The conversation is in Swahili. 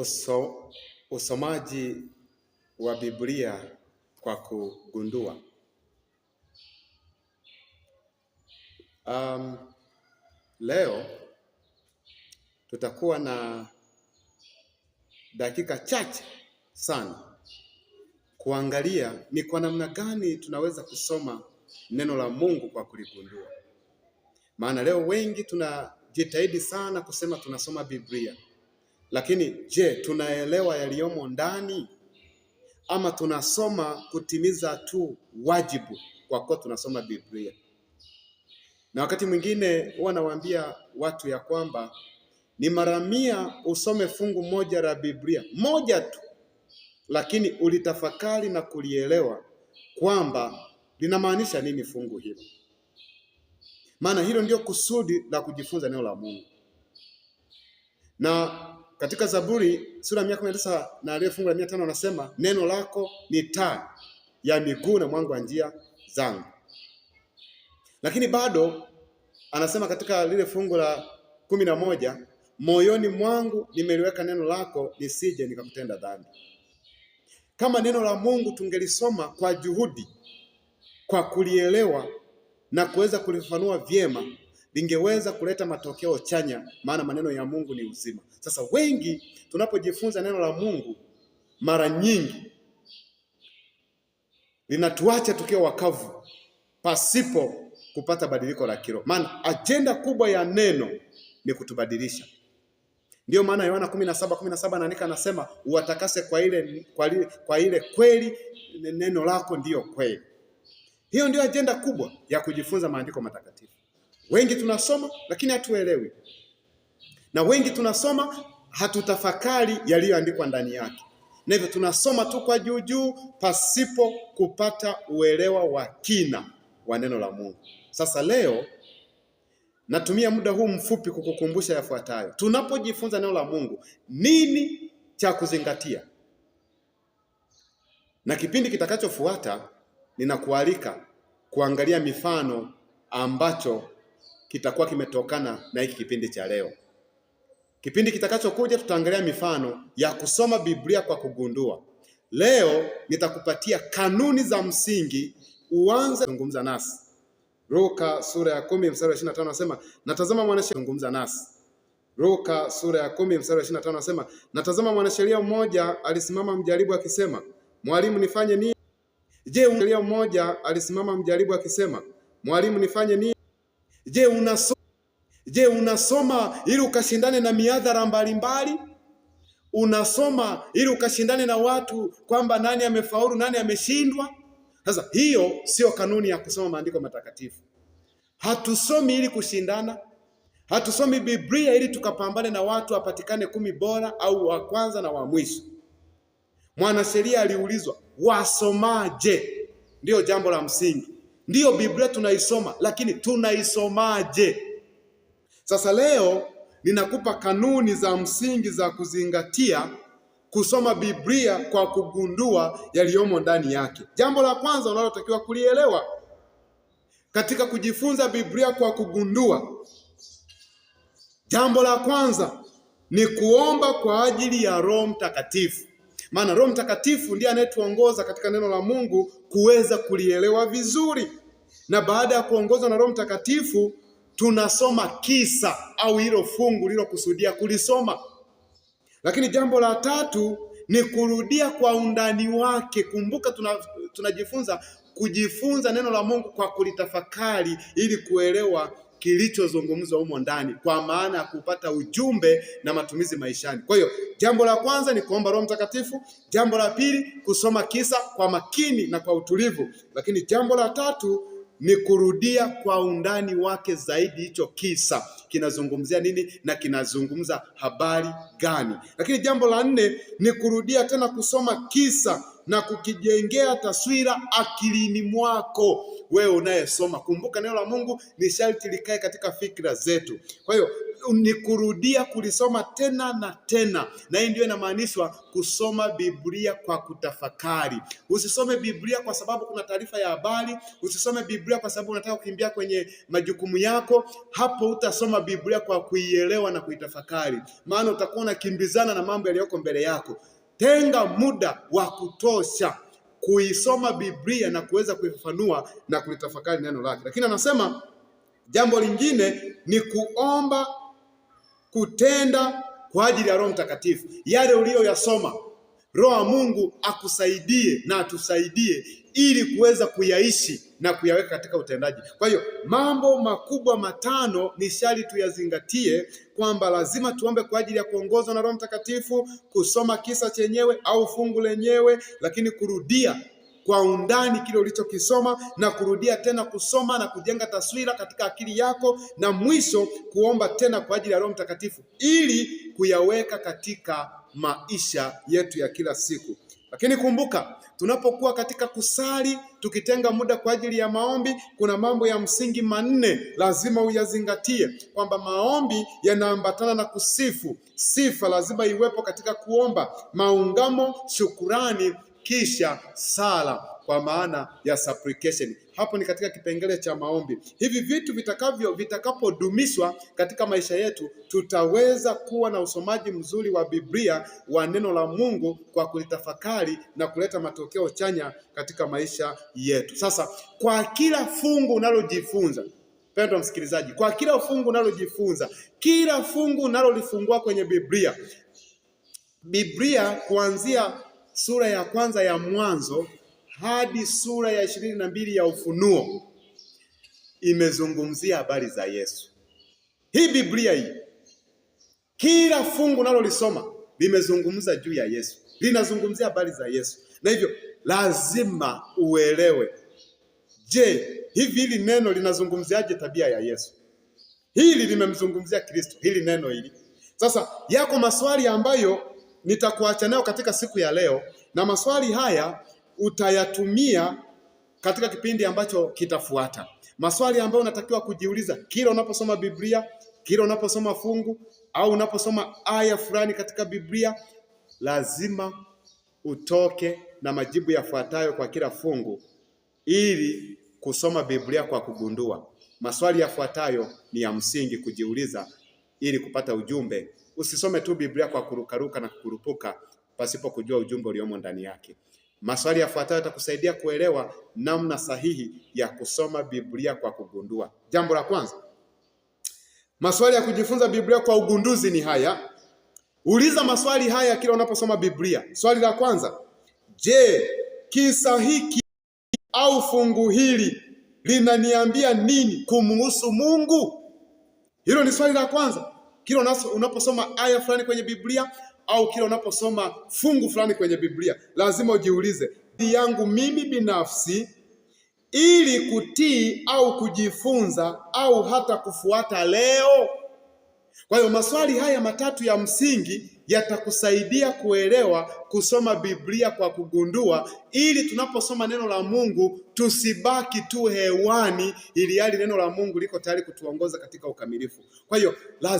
uso, usomaji wa Biblia kwa kugundua Um, leo tutakuwa na dakika chache sana kuangalia ni kwa namna gani tunaweza kusoma neno la Mungu kwa kuligundua. Maana leo wengi tunajitahidi sana kusema tunasoma Biblia, lakini je, tunaelewa yaliyomo ndani ama tunasoma kutimiza tu wajibu kwa kuwa tunasoma Biblia? Na wakati mwingine huwa nawaambia watu ya kwamba ni mara mia usome fungu moja la Biblia moja tu, lakini ulitafakari na kulielewa kwamba linamaanisha nini fungu hilo, maana hilo ndio kusudi la kujifunza neno la Mungu na katika Zaburi sura ya mia kumi na tisa na ile fungu la mia tano anasema neno lako ni taa ya miguu na mwangu wa njia zangu. Lakini bado anasema katika lile fungu la kumi na moja moyoni mwangu nimeliweka neno lako nisije nikakutenda dhambi. Kama neno la Mungu tungelisoma kwa juhudi, kwa kulielewa na kuweza kulifafanua vyema, lingeweza kuleta matokeo chanya, maana maneno ya Mungu ni uzima. Sasa wengi tunapojifunza neno la Mungu, mara nyingi linatuacha tukiwa wakavu pasipo kupata badiliko la kiroho, maana ajenda kubwa ya neno ni kutubadilisha. Ndiyo maana Yohana 17:17 anaandika anasema, uwatakase kwa ile, kwa ile, kwa ile kweli, neno lako ndiyo kweli. Hiyo ndiyo ajenda kubwa ya kujifunza maandiko matakatifu. Wengi tunasoma lakini hatuelewi, na wengi tunasoma hatutafakari yaliyoandikwa ndani yake, na hivyo tunasoma tu kwa juu juu pasipo kupata uelewa wa kina wa neno la Mungu. Sasa leo natumia muda huu mfupi kukukumbusha yafuatayo. Tunapojifunza neno la Mungu, nini cha kuzingatia? Na kipindi kitakachofuata ninakualika kuangalia mifano ambacho kitakuwa kimetokana na hiki kipindi cha leo. Kipindi kitakachokuja tutaangalia mifano ya kusoma Biblia kwa kugundua. Leo nitakupatia kanuni za msingi, uanze kuzungumza nasi. Luka sura ya kumi mstari wa 25 anasema, natazama mwanasheria zungumza nasi. Luka sura ya kumi mstari wa 25 anasema, natazama mwanasheria mmoja alisimama mjaribu akisema, mwalimu nifanye nini? Je, mmoja alisimama mjaribu akisema, mwalimu nifanye nini? Je, unasoma je, unasoma ili ukashindane na miadhara mbalimbali? Unasoma ili ukashindane na watu kwamba nani amefaulu, nani ameshindwa? Sasa hiyo sio kanuni ya kusoma maandiko matakatifu. Hatusomi ili kushindana, hatusomi Biblia ili tukapambane na watu wapatikane kumi bora au wa kwanza na wa mwisho. Mwanasheria aliulizwa, wasomaje? Ndiyo jambo la msingi. Ndiyo Biblia tunaisoma, lakini tunaisomaje? Sasa leo ninakupa kanuni za msingi za kuzingatia kusoma Biblia kwa kugundua yaliyomo ndani yake. Jambo la kwanza unalotakiwa kulielewa katika kujifunza Biblia kwa kugundua, jambo la kwanza ni kuomba kwa ajili ya Roho Mtakatifu, maana Roho Mtakatifu ndiye anayetuongoza katika neno la Mungu kuweza kulielewa vizuri na baada ya kuongozwa na Roho Mtakatifu tunasoma kisa au hilo fungu lilokusudia kulisoma. Lakini jambo la tatu ni kurudia kwa undani wake. Kumbuka tuna, tunajifunza kujifunza neno la Mungu kwa kulitafakari ili kuelewa kilichozungumzwa humo ndani, kwa maana ya kupata ujumbe na matumizi maishani. Kwa hiyo jambo la kwanza ni kuomba Roho Mtakatifu, jambo la pili kusoma kisa kwa makini na kwa utulivu, lakini jambo la tatu ni kurudia kwa undani wake zaidi. Hicho kisa kinazungumzia nini na kinazungumza habari gani? Lakini jambo la nne ni kurudia tena kusoma kisa na kukijengea taswira akilini mwako wewe unayesoma. Kumbuka neno la Mungu ni sharti likae katika fikra zetu. Kwa hiyo ni kurudia kulisoma tena na tena, na hii ndio inamaanishwa kusoma Biblia kwa kutafakari. Usisome Biblia kwa sababu kuna taarifa ya habari, usisome Biblia kwa sababu unataka kukimbia kwenye majukumu yako. Hapo utasoma Biblia kwa kuielewa na kuitafakari, maana utakuwa unakimbizana na mambo yaliyoko mbele yako. Tenga muda wa kutosha kuisoma Biblia na kuweza kuifafanua na kulitafakari neno lake. Lakini anasema jambo lingine ni kuomba kutenda kwa ajili ya Roho Mtakatifu yale uliyoyasoma. Roho wa Mungu akusaidie na atusaidie ili kuweza kuyaishi na kuyaweka katika utendaji. Kwa hiyo mambo makubwa matano ni shari tuyazingatie, kwamba lazima tuombe kwa ajili ya kuongozwa na Roho Mtakatifu, kusoma kisa chenyewe au fungu lenyewe, lakini kurudia kwa undani kile ulichokisoma na kurudia tena kusoma na kujenga taswira katika akili yako, na mwisho kuomba tena kwa ajili ya Roho Mtakatifu ili kuyaweka katika maisha yetu ya kila siku. Lakini kumbuka, tunapokuwa katika kusali tukitenga muda kwa ajili ya maombi, kuna mambo ya msingi manne lazima uyazingatie, kwamba maombi yanaambatana na kusifu. Sifa lazima iwepo katika kuomba, maungamo, shukurani kisha sala kwa maana ya supplication. Hapo ni katika kipengele cha maombi. Hivi vitu vitakavyo vitakapodumishwa katika maisha yetu, tutaweza kuwa na usomaji mzuri wa Biblia wa neno la Mungu kwa kulitafakari na kuleta matokeo chanya katika maisha yetu. Sasa kwa kila fungu unalojifunza Mpendwa msikilizaji, kwa kila fungu unalojifunza, kila fungu unalolifungua kwenye Biblia, Biblia kuanzia sura ya kwanza ya Mwanzo hadi sura ya ishirini na mbili ya Ufunuo imezungumzia habari za Yesu. Hii Biblia hii, kila fungu nalolisoma limezungumza juu ya Yesu, linazungumzia habari za Yesu, na hivyo lazima uelewe, je, hivi hili neno linazungumziaje tabia ya Yesu? Hili limemzungumzia Kristo, hili neno hili. Sasa yako maswali ambayo nitakuacha nayo katika siku ya leo, na maswali haya utayatumia katika kipindi ambacho kitafuata. Maswali ambayo unatakiwa kujiuliza kila unaposoma Biblia, kila unaposoma fungu au unaposoma aya fulani katika Biblia, lazima utoke na majibu yafuatayo kwa kila fungu ili kusoma Biblia kwa kugundua. Maswali yafuatayo ni ya msingi kujiuliza ili kupata ujumbe Usisome tu Biblia kwa kurukaruka na kukurupuka pasipo kujua ujumbe uliomo ndani yake. Maswali yafuatayo yatakusaidia kuelewa namna sahihi ya kusoma Biblia kwa kugundua. Jambo la kwanza, maswali ya kujifunza Biblia kwa ugunduzi ni haya. Uliza maswali haya kila unaposoma Biblia. Swali la kwanza, je, kisa hiki au fungu hili linaniambia nini kumuhusu Mungu? Hilo ni swali la kwanza kila unaposoma aya fulani kwenye Biblia au kila unaposoma fungu fulani kwenye Biblia lazima ujiulize, yangu mimi binafsi ili kutii au kujifunza au hata kufuata leo. Kwa hiyo maswali haya matatu ya msingi yatakusaidia kuelewa kusoma Biblia kwa kugundua, ili tunaposoma neno la Mungu tusibaki tu hewani, ili hali neno la Mungu liko tayari kutuongoza katika ukamilifu. Kwa hiyo